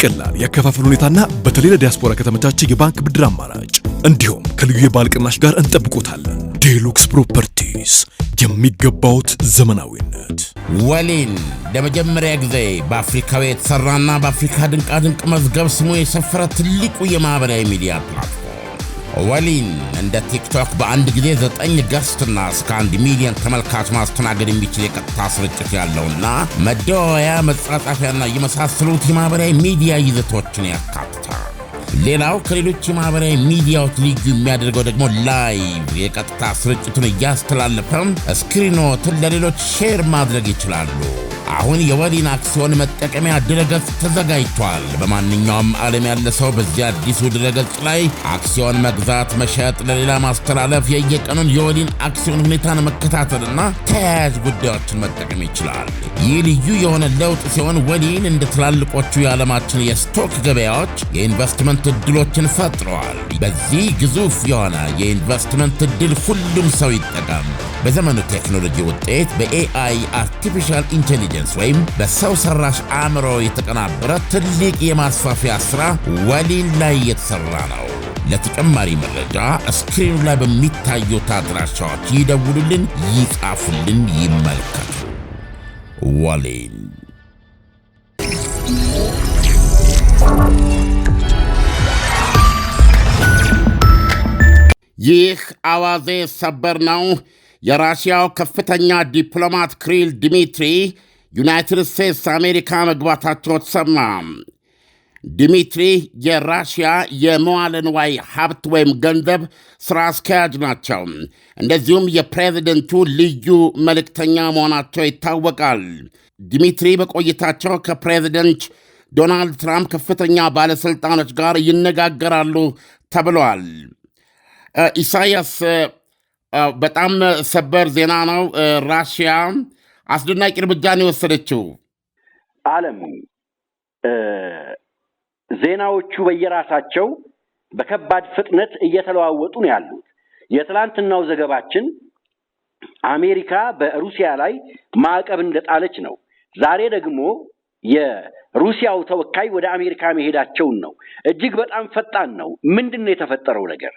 በቀላል ያከፋፈል ሁኔታና በተለይ ለዲያስፖራ ከተመቻቸ የባንክ ብድር አማራጭ እንዲሁም ከልዩ የባልቅናሽ ቅናሽ ጋር እንጠብቆታለን። ዴሉክስ ፕሮፐርቲስ የሚገባውት ዘመናዊነት ወሊን ለመጀመሪያ ጊዜ በአፍሪካዊ የተሰራና በአፍሪካ ድንቃድንቅ መዝገብ ስሙ የሰፈረ ትልቁ የማህበራዊ ሚዲያ ፕላ ወሊን እንደ ቲክቶክ በአንድ ጊዜ ዘጠኝ ገስትና እስከ አንድ ሚሊዮን ተመልካች ማስተናገድ የሚችል የቀጥታ ስርጭት ያለውና መደዋወያ፣ መጻጻፊያና የመሳሰሉት የማህበራዊ ሚዲያ ይዘቶችን ያካትታል። ሌላው ከሌሎች የማህበራዊ ሚዲያዎች ልዩ የሚያደርገው ደግሞ ላይቭ የቀጥታ ስርጭቱን እያስተላለፈም ስክሪኖትን ለሌሎች ሼር ማድረግ ይችላሉ። አሁን የወሊን አክሲዮን መጠቀሚያ ድረገጽ ተዘጋጅቷል። በማንኛውም ዓለም ያለ ሰው በዚህ አዲሱ ድረገጽ ላይ አክሲዮን መግዛት፣ መሸጥ፣ ለሌላ ማስተላለፍ፣ የየቀኑን የወሊን አክሲዮን ሁኔታን መከታተልና ተያያዥ ጉዳዮችን መጠቀም ይችላል። ይህ ልዩ የሆነ ለውጥ ሲሆን ወሊን እንደ ትላልቆቹ የዓለማችን የስቶክ ገበያዎች የኢንቨስትመንት እድሎችን ፈጥረዋል። በዚህ ግዙፍ የሆነ የኢንቨስትመንት እድል ሁሉም ሰው ይጠቀም። በዘመኑ ቴክኖሎጂ ውጤት በኤአይ አርቲፊሻል ኢንቴሊጀንስ ኢንቴሊጀንስ ወይም በሰው ሰራሽ አእምሮ የተቀናበረ ትልቅ የማስፋፊያ ሥራ ወሊል ላይ የተሠራ ነው። ለተጨማሪ መረጃ ስክሪኑ ላይ በሚታዩት አድራሻዎች ይደውሉልን፣ ይጻፉልን፣ ይመልከቱ። ወሊል ይህ አዋዜ ሰበር ነው። የራሽያው ከፍተኛ ዲፕሎማት ክሪል ዲሚትሪ ዩናይትድ ስቴትስ አሜሪካ መግባታቸው ተሰማ። ዲሚትሪ የራሽያ የመዋለንዋይ ሀብት ወይም ገንዘብ ሥራ አስኪያጅ ናቸው። እንደዚሁም የፕሬዚደንቱ ልዩ መልእክተኛ መሆናቸው ይታወቃል። ዲሚትሪ በቆይታቸው ከፕሬዚደንት ዶናልድ ትራምፕ ከፍተኛ ባለሥልጣኖች ጋር ይነጋገራሉ ተብለዋል። ኢሳያስ፣ በጣም ሰበር ዜና ነው ራሽያ አስደናቂ ነው የወሰደችው። አለም ዜናዎቹ በየራሳቸው በከባድ ፍጥነት እየተለዋወጡ ነው ያሉት። የትላንትናው ዘገባችን አሜሪካ በሩሲያ ላይ ማዕቀብ እንደጣለች ነው። ዛሬ ደግሞ የሩሲያው ተወካይ ወደ አሜሪካ መሄዳቸውን ነው። እጅግ በጣም ፈጣን ነው። ምንድን ነው የተፈጠረው ነገር?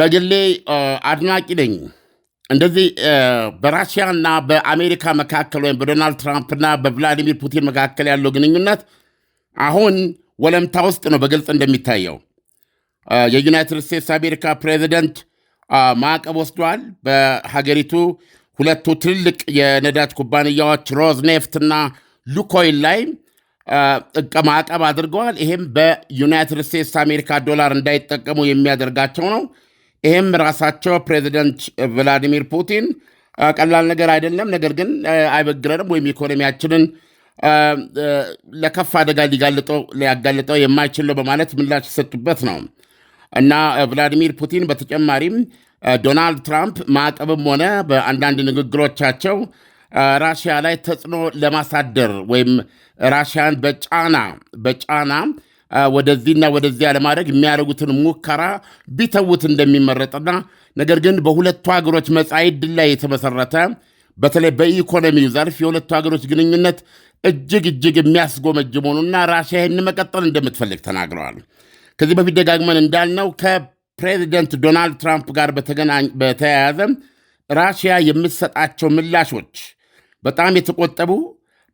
በግሌ አድናቂ ነኝ። እንደዚህ በራሽያና በአሜሪካ መካከል ወይም በዶናልድ ትራምፕና በቭላዲሚር ፑቲን መካከል ያለው ግንኙነት አሁን ወለምታ ውስጥ ነው በግልጽ እንደሚታየው። የዩናይትድ ስቴትስ አሜሪካ ፕሬዚደንት ማዕቀብ ወስዷል። በሀገሪቱ ሁለቱ ትልቅ የነዳጅ ኩባንያዎች ሮዝ ኔፍት እና ሉኮይል ላይ ማዕቀብ አድርገዋል። ይህም በዩናይትድ ስቴትስ አሜሪካ ዶላር እንዳይጠቀሙ የሚያደርጋቸው ነው። ይህም ራሳቸው ፕሬዚደንት ቭላዲሚር ፑቲን ቀላል ነገር አይደለም፣ ነገር ግን አይበግረንም ወይም ኢኮኖሚያችንን ለከፍ አደጋ ሊያጋልጠው የማይችል ነው በማለት ምላሽ የሰጡበት ነው እና ቭላዲሚር ፑቲን በተጨማሪም ዶናልድ ትራምፕ ማዕቀብም ሆነ በአንዳንድ ንግግሮቻቸው ራሽያ ላይ ተጽዕኖ ለማሳደር ወይም ራሽያን በጫና በጫና ወደዚህና ወደዚያ ለማድረግ የሚያደርጉትን ሙከራ ቢተውት እንደሚመረጥና ነገር ግን በሁለቱ ሀገሮች መጻኢ ዕድል ላይ የተመሰረተ በተለይ በኢኮኖሚው ዘርፍ የሁለቱ ሀገሮች ግንኙነት እጅግ እጅግ የሚያስጎመጅ መሆኑና ራሽያ ይህን መቀጠል እንደምትፈልግ ተናግረዋል። ከዚህ በፊት ደጋግመን እንዳልነው ከፕሬዚደንት ዶናልድ ትራምፕ ጋር በተያያዘ ራሽያ የምትሰጣቸው ምላሾች በጣም የተቆጠቡ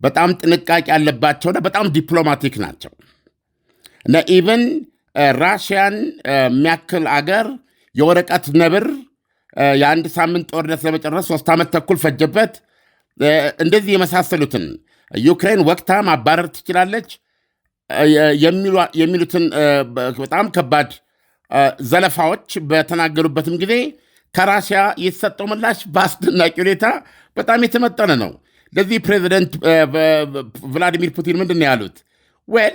በጣም ጥንቃቄ ያለባቸውና በጣም ዲፕሎማቲክ ናቸው። እና ኢቨን ራሽያን የሚያክል አገር የወረቀት ነብር የአንድ ሳምንት ጦርነት ለመጨረስ ሶስት ዓመት ተኩል ፈጀበት። እንደዚህ የመሳሰሉትን ዩክሬን ወቅታ ማባረር ትችላለች የሚሉትን በጣም ከባድ ዘለፋዎች በተናገሩበትም ጊዜ ከራሽያ የተሰጠው ምላሽ በአስደናቂ ሁኔታ በጣም የተመጠነ ነው። ለዚህ ፕሬዚደንት ቭላዲሚር ፑቲን ምንድን ነው ያሉት? ወል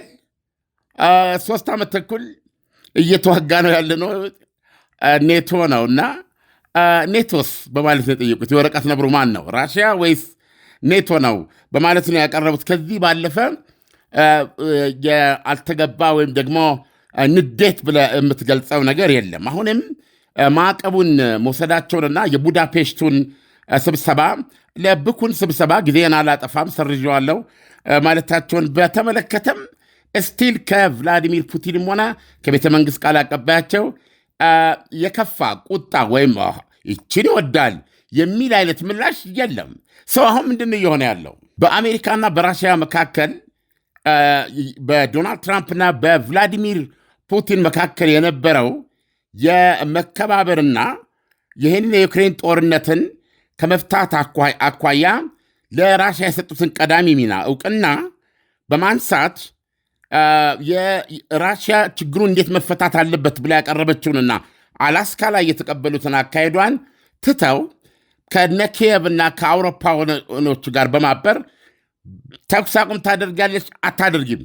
ሶስት ዓመት ተኩል እየተዋጋ ነው ያለ ነው ኔቶ ነው እና ኔቶስ በማለት ነው የጠየቁት። የወረቀት ነብሩ ማን ነው ራሽያ ወይስ ኔቶ ነው በማለት ነው ያቀረቡት። ከዚህ ባለፈ አልተገባ ወይም ደግሞ ንዴት ብለ የምትገልጸው ነገር የለም። አሁንም ማዕቀቡን መውሰዳቸውንና የቡዳፔሽቱን ስብሰባ ለብኩን ስብሰባ ጊዜን አላጠፋም ሰርዣዋለሁ ማለታቸውን በተመለከተም ስቲል ከቭላዲሚር ፑቲንም ሆነ ከቤተ መንግሥት ቃል አቀባያቸው የከፋ ቁጣ ወይም ይችን ይወዳል የሚል አይነት ምላሽ የለም። ሰው አሁን ምንድን እየሆነ ያለው በአሜሪካና በራሽያ መካከል በዶናልድ ትራምፕና በቭላዲሚር ፑቲን መካከል የነበረው የመከባበርና ይህንን የዩክሬን ጦርነትን ከመፍታት አኳያ ለራሽያ የሰጡትን ቀዳሚ ሚና እውቅና በማንሳት የራሽያ ችግሩ እንዴት መፈታት አለበት ብላ ያቀረበችውንና አላስካ ላይ የተቀበሉትን አካሄዷን ትተው ከነ ኪየቭ እና ከአውሮፓ ጋር በማበር ተኩስ አቁም ታደርጋለች አታደርጊም፣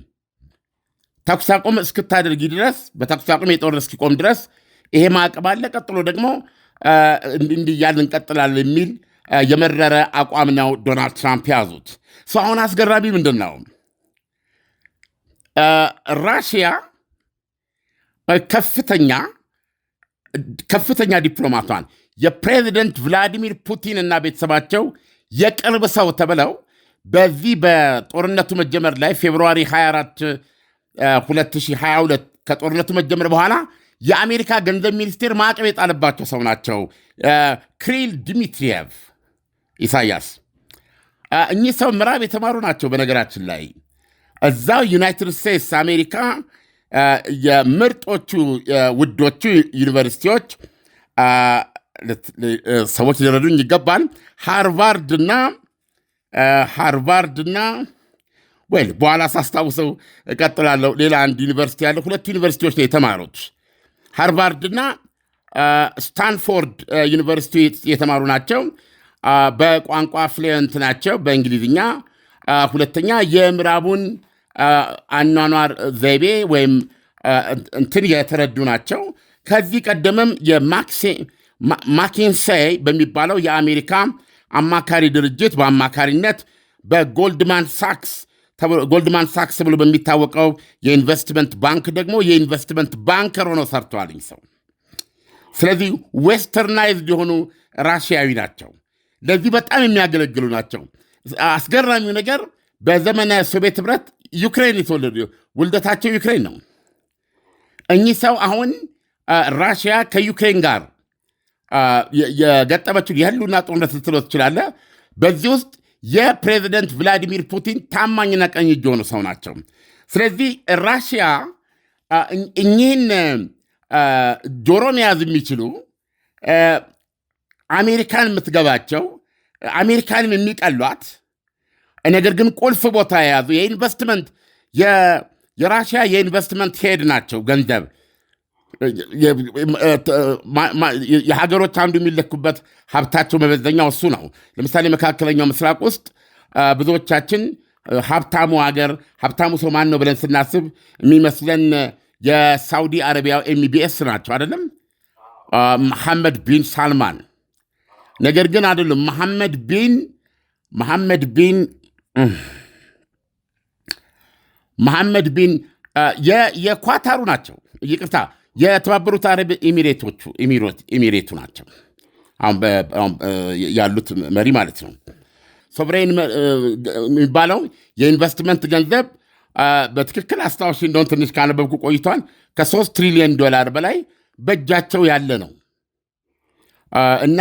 ተኩስ አቁም እስክታደርጊ ድረስ በተኩስ አቁም የጦር እስኪቆም ድረስ ይሄ ማዕቀብ አለ፣ ቀጥሎ ደግሞ እንዲህ እያልን እንቀጥላለን የሚል የመረረ አቋም ነው ዶናልድ ትራምፕ ያዙት። ሰው አሁን አስገራሚ ምንድን ነው ራሽያ ከፍተኛ ከፍተኛ ዲፕሎማቷን የፕሬዚደንት ቭላዲሚር ፑቲን እና ቤተሰባቸው የቅርብ ሰው ተብለው በዚህ በጦርነቱ መጀመር ላይ ፌብርዋሪ 24 2022 ከጦርነቱ መጀመር በኋላ የአሜሪካ ገንዘብ ሚኒስቴር ማዕቀብ የጣለባቸው ሰው ናቸው። ክሪል ድሚትሪየቭ ኢሳያስ። እኚህ ሰው ምዕራብ የተማሩ ናቸው በነገራችን ላይ እዛው ዩናይትድ ስቴትስ አሜሪካ የምርጦቹ ውዶቹ ዩኒቨርሲቲዎች ሰዎች ሊረዱኝ ይገባል። ሃርቫርድና ሃርቫርድና ወይ በኋላ ሳስታውሰው እቀጥላለሁ። ሌላ አንድ ዩኒቨርሲቲ ያለ ሁለቱ ዩኒቨርሲቲዎች ነው የተማሩት። ሃርቫርድና ስታንፎርድ ዩኒቨርሲቲ የተማሩ ናቸው። በቋንቋ ፍሉየንት ናቸው በእንግሊዝኛ። ሁለተኛ የምዕራቡን አኗኗር ዘይቤ ወይም እንትን የተረዱ ናቸው። ከዚህ ቀደምም የማኪንሴይ በሚባለው የአሜሪካ አማካሪ ድርጅት በአማካሪነት በጎልድማን ሳክስ ጎልድማን ሳክስ በሚታወቀው የኢንቨስትመንት ባንክ ደግሞ የኢንቨስትመንት ባንከር ሆኖ ሰርተዋል ሰው። ስለዚህ ዌስተርናይዝድ የሆኑ ራሽያዊ ናቸው። ለዚህ በጣም የሚያገለግሉ ናቸው። አስገራሚው ነገር በዘመነ ሶቪየት ህብረት ዩክሬን የተወለዱ ውልደታቸው ዩክሬን ነው። እኚህ ሰው አሁን ራሽያ ከዩክሬን ጋር የገጠመችውን የህሉና ጦርነት ልትለው ትችላለ። በዚህ ውስጥ የፕሬዚደንት ቭላዲሚር ፑቲን ታማኝና ቀኝ እጅ የሆኑ ሰው ናቸው። ስለዚህ ራሽያ እኚህን ጆሮ መያዝ የሚችሉ አሜሪካን የምትገባቸው አሜሪካንም የሚቀሏት ነገር ግን ቁልፍ ቦታ የያዙ የኢንቨስትመንት የራሽያ የኢንቨስትመንት ሄድ ናቸው። ገንዘብ የሀገሮች አንዱ የሚለኩበት ሀብታቸው መመዘኛው እሱ ነው። ለምሳሌ መካከለኛው ምስራቅ ውስጥ ብዙዎቻችን ሀብታሙ ሀገር ሀብታሙ ሰው ማን ነው ብለን ስናስብ የሚመስለን የሳውዲ አረቢያው ኤምቢኤስ ናቸው አይደለም፣ መሐመድ ቢን ሳልማን ነገር ግን አይደሉም። መሐመድ ቢን መሐመድ ቢን መሐመድ ቢን የኳታሩ ናቸው። ይቅርታ የተባበሩት አረብ ኤሚሬቶቹ ኤሚሬቱ ናቸው። አሁን ያሉት መሪ ማለት ነው። ሶብሬን የሚባለው የኢንቨስትመንት ገንዘብ በትክክል አስታዋሽ እንደሆን ትንሽ ካነበብኩ ቆይቷል። ከሶስት ትሪሊየን ዶላር በላይ በእጃቸው ያለ ነው እና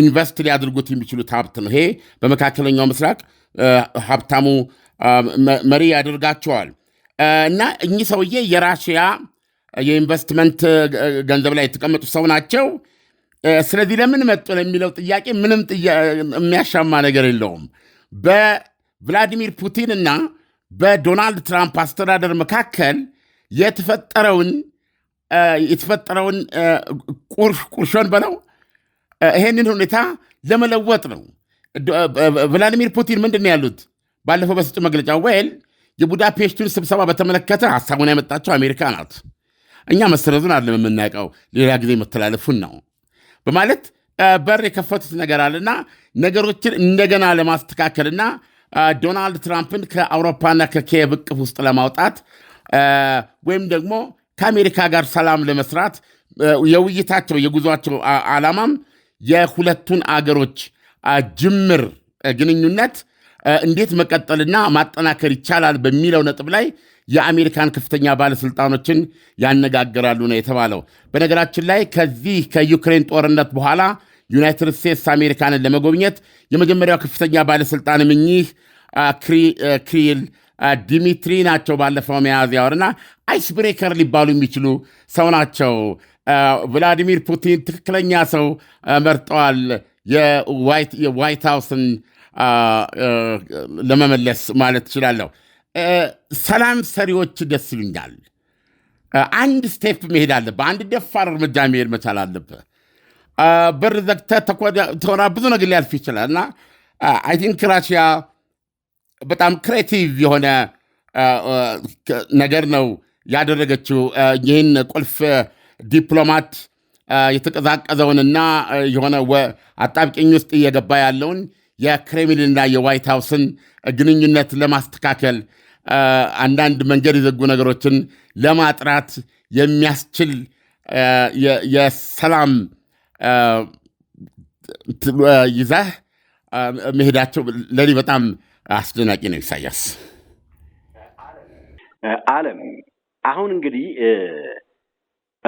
ኢንቨስት ሊያድርጉት የሚችሉት ሀብት ነው። ይሄ በመካከለኛው ምስራቅ ሀብታሙ መሪ ያደርጋቸዋል። እና እኚህ ሰውዬ የራሽያ የኢንቨስትመንት ገንዘብ ላይ የተቀመጡ ሰው ናቸው። ስለዚህ ለምን መጡ ለሚለው ጥያቄ ምንም የሚያሻማ ነገር የለውም። በቭላዲሚር ፑቲን እና በዶናልድ ትራምፕ አስተዳደር መካከል የተፈጠረውን የተፈጠረውን ቁርሾን በለው ይሄንን ሁኔታ ለመለወጥ ነው። ቭላዲሚር ፑቲን ምንድን ነው ያሉት? ባለፈው በሰጡ መግለጫ ወይል የቡዳፔስቱን ስብሰባ በተመለከተ ሀሳቡን ያመጣቸው አሜሪካ ናት። እኛ መሰረዙን አይደለም የምናውቀው ሌላ ጊዜ መተላለፉን ነው በማለት በር የከፈቱት ነገር አለና ነገሮችን እንደገና ለማስተካከልና ዶናልድ ትራምፕን ከአውሮፓና ከኪየቭ እቅፍ ውስጥ ለማውጣት ወይም ደግሞ ከአሜሪካ ጋር ሰላም ለመስራት የውይይታቸው የጉዟቸው ዓላማም የሁለቱን አገሮች ጅምር ግንኙነት እንዴት መቀጠልና ማጠናከር ይቻላል በሚለው ነጥብ ላይ የአሜሪካን ከፍተኛ ባለሥልጣኖችን ያነጋግራሉ ነው የተባለው። በነገራችን ላይ ከዚህ ከዩክሬን ጦርነት በኋላ ዩናይትድ ስቴትስ አሜሪካንን ለመጎብኘት የመጀመሪያው ከፍተኛ ባለሥልጣን ምኚህ ክሪል ዲሚትሪ ናቸው። ባለፈው መያዝያ ወርና አይስ ብሬከር ሊባሉ የሚችሉ ሰው ናቸው። ቭላዲሚር ፑቲን ትክክለኛ ሰው መርጠዋል የዋይት ሃውስን ለመመለስ ማለት እችላለሁ። ሰላም ሰሪዎች ደስ ይሉኛል። አንድ ስቴፕ መሄድ አለብህ። አንድ ደፋር እርምጃ መሄድ መቻል አለብህ። በር ዘግተህ ተኮራ ብዙ ነገር ሊያልፍ ይችላል እና አይ ቲንክ ራሽያ በጣም ክሬቲቭ የሆነ ነገር ነው ያደረገችው ይህን ቁልፍ ዲፕሎማት የተቀዛቀዘውንና የሆነ አጣብቂኝ ውስጥ እየገባ ያለውን የክሬምሊንና የዋይት ሀውስን ግንኙነት ለማስተካከል አንዳንድ መንገድ የዘጉ ነገሮችን ለማጥራት የሚያስችል የሰላም ይዛህ መሄዳቸው ለኔ በጣም አስደናቂ ነው። ኢሳያስ አለም አሁን እንግዲህ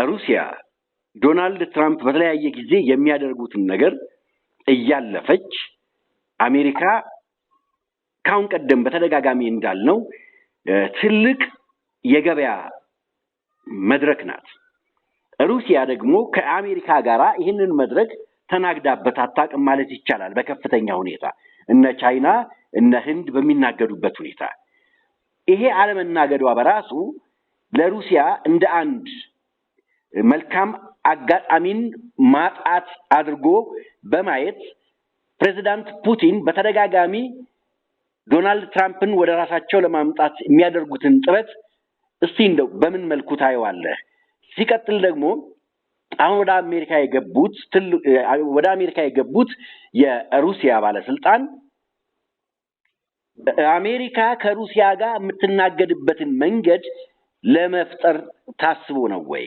ሩሲያ ዶናልድ ትራምፕ በተለያየ ጊዜ የሚያደርጉትን ነገር እያለፈች አሜሪካ ካሁን ቀደም በተደጋጋሚ እንዳልነው ትልቅ የገበያ መድረክ ናት። ሩሲያ ደግሞ ከአሜሪካ ጋር ይህንን መድረክ ተናግዳበት አታውቅም ማለት ይቻላል። በከፍተኛ ሁኔታ እነ ቻይና እነ ህንድ በሚናገዱበት ሁኔታ ይሄ አለመናገዷ በራሱ ለሩሲያ እንደ አንድ መልካም አጋጣሚን ማጣት አድርጎ በማየት ፕሬዚዳንት ፑቲን በተደጋጋሚ ዶናልድ ትራምፕን ወደ ራሳቸው ለማምጣት የሚያደርጉትን ጥረት እስቲ እንደው በምን መልኩ ታየዋለህ? ሲቀጥል ደግሞ አሁን ወደ አሜሪካ የገቡት ወደ አሜሪካ የገቡት የሩሲያ ባለስልጣን አሜሪካ ከሩሲያ ጋር የምትናገድበትን መንገድ ለመፍጠር ታስቦ ነው ወይ?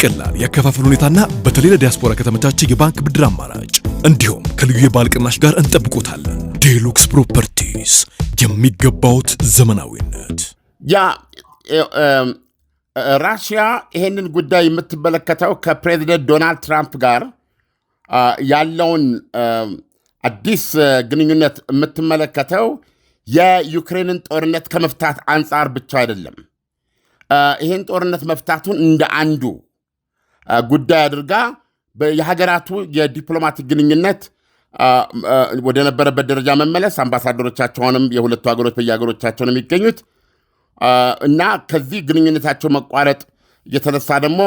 በቀላል ያከፋፈል ሁኔታና በተለይ ለዲያስፖራ ከተመቻቸ የባንክ ብድር አማራጭ እንዲሁም ከልዩ የባል ቅናሽ ጋር እንጠብቆታለን። ዴሉክስ ፕሮፐርቲስ የሚገባውት ዘመናዊነት ያ ራሽያ ይሄንን ጉዳይ የምትመለከተው ከፕሬዚደንት ዶናልድ ትራምፕ ጋር ያለውን አዲስ ግንኙነት የምትመለከተው የዩክሬንን ጦርነት ከመፍታት አንጻር ብቻ አይደለም። ይህን ጦርነት መፍታቱን እንደ አንዱ ጉዳይ አድርጋ የሀገራቱ የዲፕሎማቲክ ግንኙነት ወደ ነበረበት ደረጃ መመለስ አምባሳደሮቻቸውንም የሁለቱ ሀገሮች በየሀገሮቻቸው የሚገኙት እና ከዚህ ግንኙነታቸው መቋረጥ እየተነሳ ደግሞ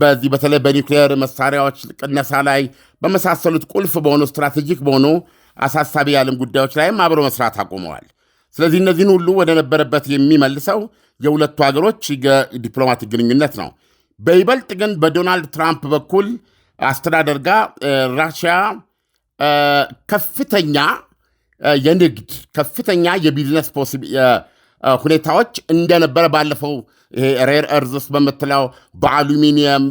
በዚህ በተለይ በኒውክሌር መሳሪያዎች ቅነሳ ላይ በመሳሰሉት ቁልፍ በሆኑ ስትራቴጂክ በሆኑ አሳሳቢ የዓለም ጉዳዮች ላይም አብሮ መስራት አቁመዋል። ስለዚህ እነዚህን ሁሉ ወደ ነበረበት የሚመልሰው የሁለቱ ሀገሮች ዲፕሎማቲክ ግንኙነት ነው። በይበልጥ ግን በዶናልድ ትራምፕ በኩል አስተዳደር ጋር ራሽያ ከፍተኛ የንግድ ከፍተኛ የቢዝነስ ሁኔታዎች እንደነበረ ባለፈው ሬር እርዝስ በምትለው በአሉሚኒየም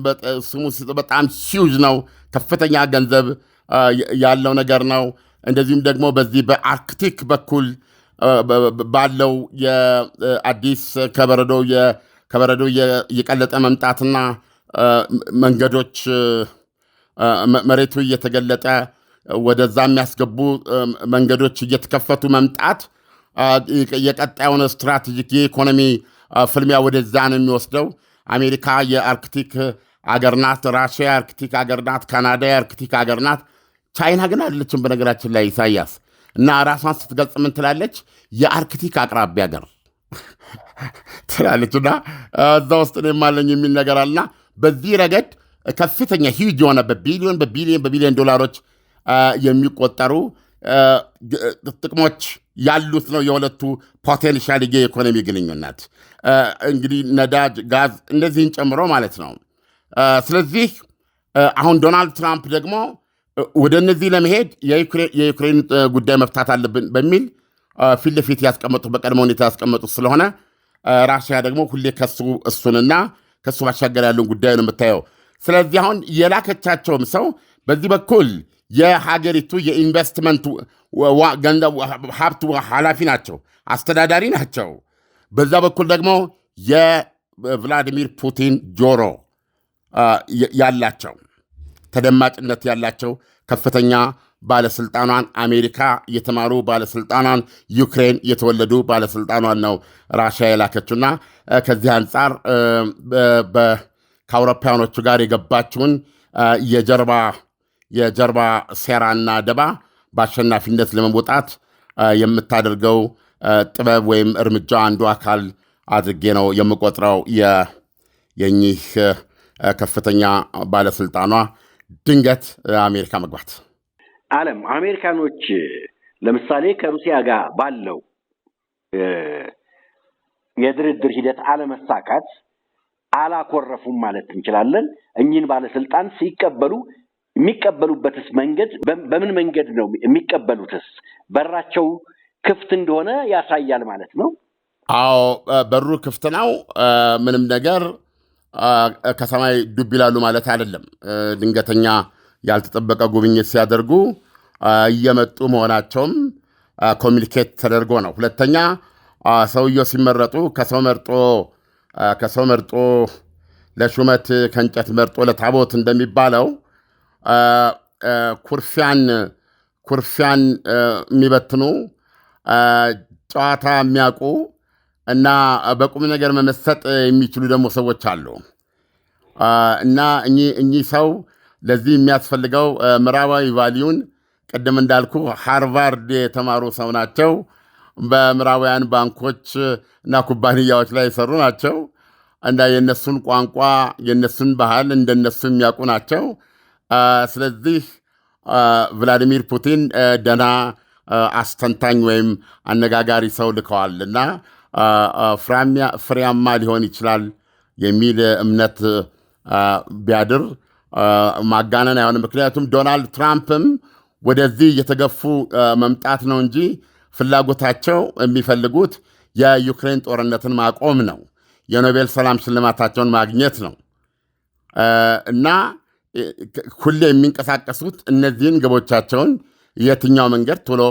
ስሙ በጣም ሂውጅ ነው። ከፍተኛ ገንዘብ ያለው ነገር ነው። እንደዚሁም ደግሞ በዚህ በአርክቲክ በኩል ባለው የአዲስ ከበረዶ ከበረዶ እየቀለጠ መምጣትና መንገዶች መሬቱ እየተገለጠ ወደዛ የሚያስገቡ መንገዶች እየተከፈቱ መምጣት የቀጣዩን ስትራቴጂክ የኢኮኖሚ ፍልሚያ ወደዛ ነው የሚወስደው። አሜሪካ የአርክቲክ አገር ናት። ራሽያ የአርክቲክ አገር ናት። ካናዳ የአርክቲክ አገር ናት። ቻይና ግን አይደለችም በነገራችን ላይ ኢሳያስ እና ራሷን ስትገልጽ ምን ትላለች? የአርክቲክ አቅራቢ አገር ትላለችና እዛ ውስጥ እኔም አለኝ የሚል ነገር አለና በዚህ ረገድ ከፍተኛ ሂጅ የሆነ በቢሊዮን በቢሊዮን በቢሊዮን ዶላሮች የሚቆጠሩ ጥቅሞች ያሉት ነው የሁለቱ ፖቴንሻል የኢኮኖሚ ግንኙነት እንግዲህ ነዳጅ፣ ጋዝ እንደዚህን ጨምሮ ማለት ነው። ስለዚህ አሁን ዶናልድ ትራምፕ ደግሞ ወደ እነዚህ ለመሄድ የዩክሬን ጉዳይ መፍታት አለብን በሚል ፊት ለፊት ያስቀመጡ በቀድሞ ሁኔታ ያስቀመጡት ስለሆነ ራሽያ ደግሞ ሁሌ ከሱ እሱንና ከሱ ባሻገር ያለውን ጉዳይ ነው የምታየው። ስለዚህ አሁን የላከቻቸውም ሰው በዚህ በኩል የሀገሪቱ የኢንቨስትመንት ሀብት ኃላፊ ናቸው፣ አስተዳዳሪ ናቸው። በዛ በኩል ደግሞ የቭላዲሚር ፑቲን ጆሮ ያላቸው ተደማጭነት ያላቸው ከፍተኛ ባለስልጣኗን አሜሪካ የተማሩ ባለስልጣኗን ዩክሬን የተወለዱ ባለስልጣኗን ነው ራሽያ የላከችውና ከዚህ አንጻር ከአውሮፓውያኖቹ ጋር የገባችውን የጀርባ የጀርባ ሴራና ደባ በአሸናፊነት ለመውጣት የምታደርገው ጥበብ ወይም እርምጃ አንዱ አካል አድርጌ ነው የምቆጥረው። የእኚህ ከፍተኛ ባለስልጣኗ ድንገት አሜሪካ መግባት ዓለም አሜሪካኖች ለምሳሌ ከሩሲያ ጋር ባለው የድርድር ሂደት አለመሳካት አላኮረፉም ማለት እንችላለን። እኚህን ባለስልጣን ሲቀበሉ የሚቀበሉበትስ መንገድ በምን መንገድ ነው የሚቀበሉትስ? በራቸው ክፍት እንደሆነ ያሳያል ማለት ነው። አዎ በሩ ክፍት ነው። ምንም ነገር ከሰማይ ዱብ ይላሉ ማለት አይደለም። ድንገተኛ ያልተጠበቀ ጉብኝት ሲያደርጉ እየመጡ መሆናቸውም ኮሚኒኬት ተደርጎ ነው። ሁለተኛ ሰውየው ሲመረጡ ከሰው መርጦ ከሰው መርጦ ለሹመት ከእንጨት መርጦ ለታቦት እንደሚባለው ኩርፊያን ኩርፊያን የሚበትኑ ጨዋታ የሚያውቁ እና በቁም ነገር መመሰጥ የሚችሉ ደግሞ ሰዎች አሉ እና እኚህ ሰው ለዚህ የሚያስፈልገው ምዕራባዊ ቫሊዩን ቅድም እንዳልኩ ሃርቫርድ የተማሩ ሰው ናቸው። በምዕራባውያን ባንኮች እና ኩባንያዎች ላይ የሰሩ ናቸው እና የእነሱን ቋንቋ የእነሱን ባህል እንደነሱ የሚያውቁ ናቸው። ስለዚህ ቭላዲሚር ፑቲን ደና አስተንታኝ ወይም አነጋጋሪ ሰው ልከዋል እና ፍሬያማ ሊሆን ይችላል የሚል እምነት ቢያድር ማጋነን አይሆንም። ምክንያቱም ዶናልድ ትራምፕም ወደዚህ የተገፉ መምጣት ነው እንጂ ፍላጎታቸው የሚፈልጉት የዩክሬን ጦርነትን ማቆም ነው፣ የኖቤል ሰላም ሽልማታቸውን ማግኘት ነው እና ሁሌ የሚንቀሳቀሱት እነዚህን ግቦቻቸውን የትኛው መንገድ ቶሎ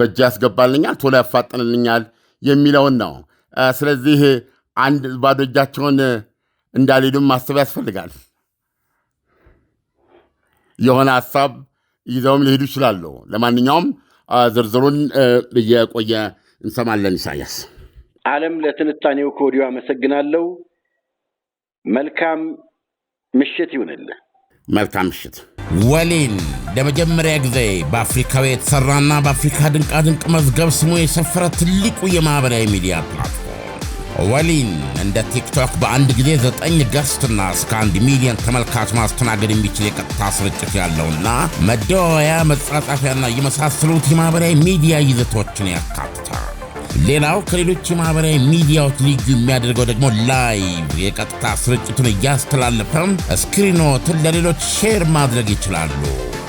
በእጅ ያስገባልኛል፣ ቶሎ ያፋጥንልኛል የሚለውን ነው። ስለዚህ አንድ ባዶ እጃቸውን እንዳልሄዱም ማሰብ ያስፈልጋል። የሆነ ሀሳብ ይዘውም ሊሄዱ ይችላሉ። ለማንኛውም ዝርዝሩን እየቆየ እንሰማለን። ኢሳያስ አለም ለትንታኔው ከወዲሁ አመሰግናለሁ። መልካም ምሽት ይሁንልህ። መልካም ምሽት። ወሊን ለመጀመሪያ ጊዜ በአፍሪካዊ የተሰራና በአፍሪካ ድንቃድንቅ መዝገብ ስሙ የሰፈረ ትልቁ የማህበራዊ ሚዲያ ፕላትፎርም ወሊን እንደ ቲክቶክ በአንድ ጊዜ ዘጠኝ ገስትና እስከ አንድ ሚሊዮን ተመልካች ማስተናገድ የሚችል የቀጥታ ስርጭት ያለውና መደዋወያ፣ መጻጻፊያና የመሳሰሉት የማህበራዊ ሚዲያ ይዘቶችን ያካትታል። ሌላው ከሌሎች የማህበራዊ ሚዲያዎች ልዩ የሚያደርገው ደግሞ ላይቭ የቀጥታ ስርጭቱን እያስተላለፈም ስክሪኖትን ለሌሎች ሼር ማድረግ ይችላሉ።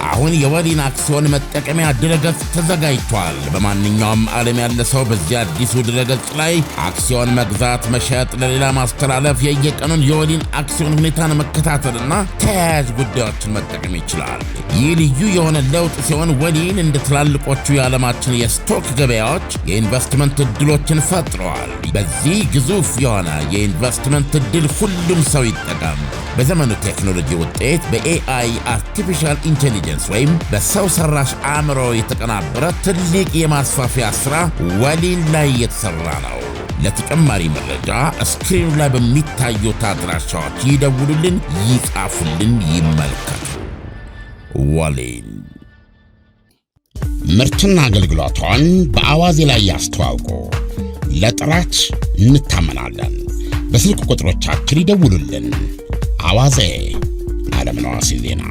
አሁን የወሊን አክሲዮን መጠቀሚያ ድረገጽ ተዘጋጅቷል። በማንኛውም ዓለም ያለ ሰው በዚህ አዲሱ ድረገጽ ላይ አክሲዮን መግዛት፣ መሸጥ፣ ለሌላ ማስተላለፍ፣ የየቀኑን የወሊን አክሲዮን ሁኔታን መከታተልና ተያያዥ ጉዳዮችን መጠቀም ይችላል። ይህ ልዩ የሆነ ለውጥ ሲሆን ወሊን እንደ ትላልቆቹ የዓለማችን የስቶክ ገበያዎች የኢንቨስትመንት እድሎችን ፈጥረዋል። በዚህ ግዙፍ የሆነ የኢንቨስትመንት እድል ሁሉም ሰው ይጠቀም። በዘመኑ ቴክኖሎጂ ውጤት በኤአይ አርቲፊሻል ኢንቴሊጀንስ ወይም በሰው ሰራሽ አእምሮ የተቀናበረ ትልቅ የማስፋፊያ ሥራ ወሊል ላይ የተሠራ ነው። ለተጨማሪ መረጃ ስክሪኑ ላይ በሚታዩት አድራሻዎች ይደውሉልን፣ ይጻፉልን፣ ይመልከቱ። ወሊል ምርትና አገልግሎቷን በአዋዜ ላይ ያስተዋውቁ። ለጥራች እንታመናለን። በስልክ ቁጥሮቻችን ይደውሉልን። አዋዜ ዓለምነህ ዋሴ ዜና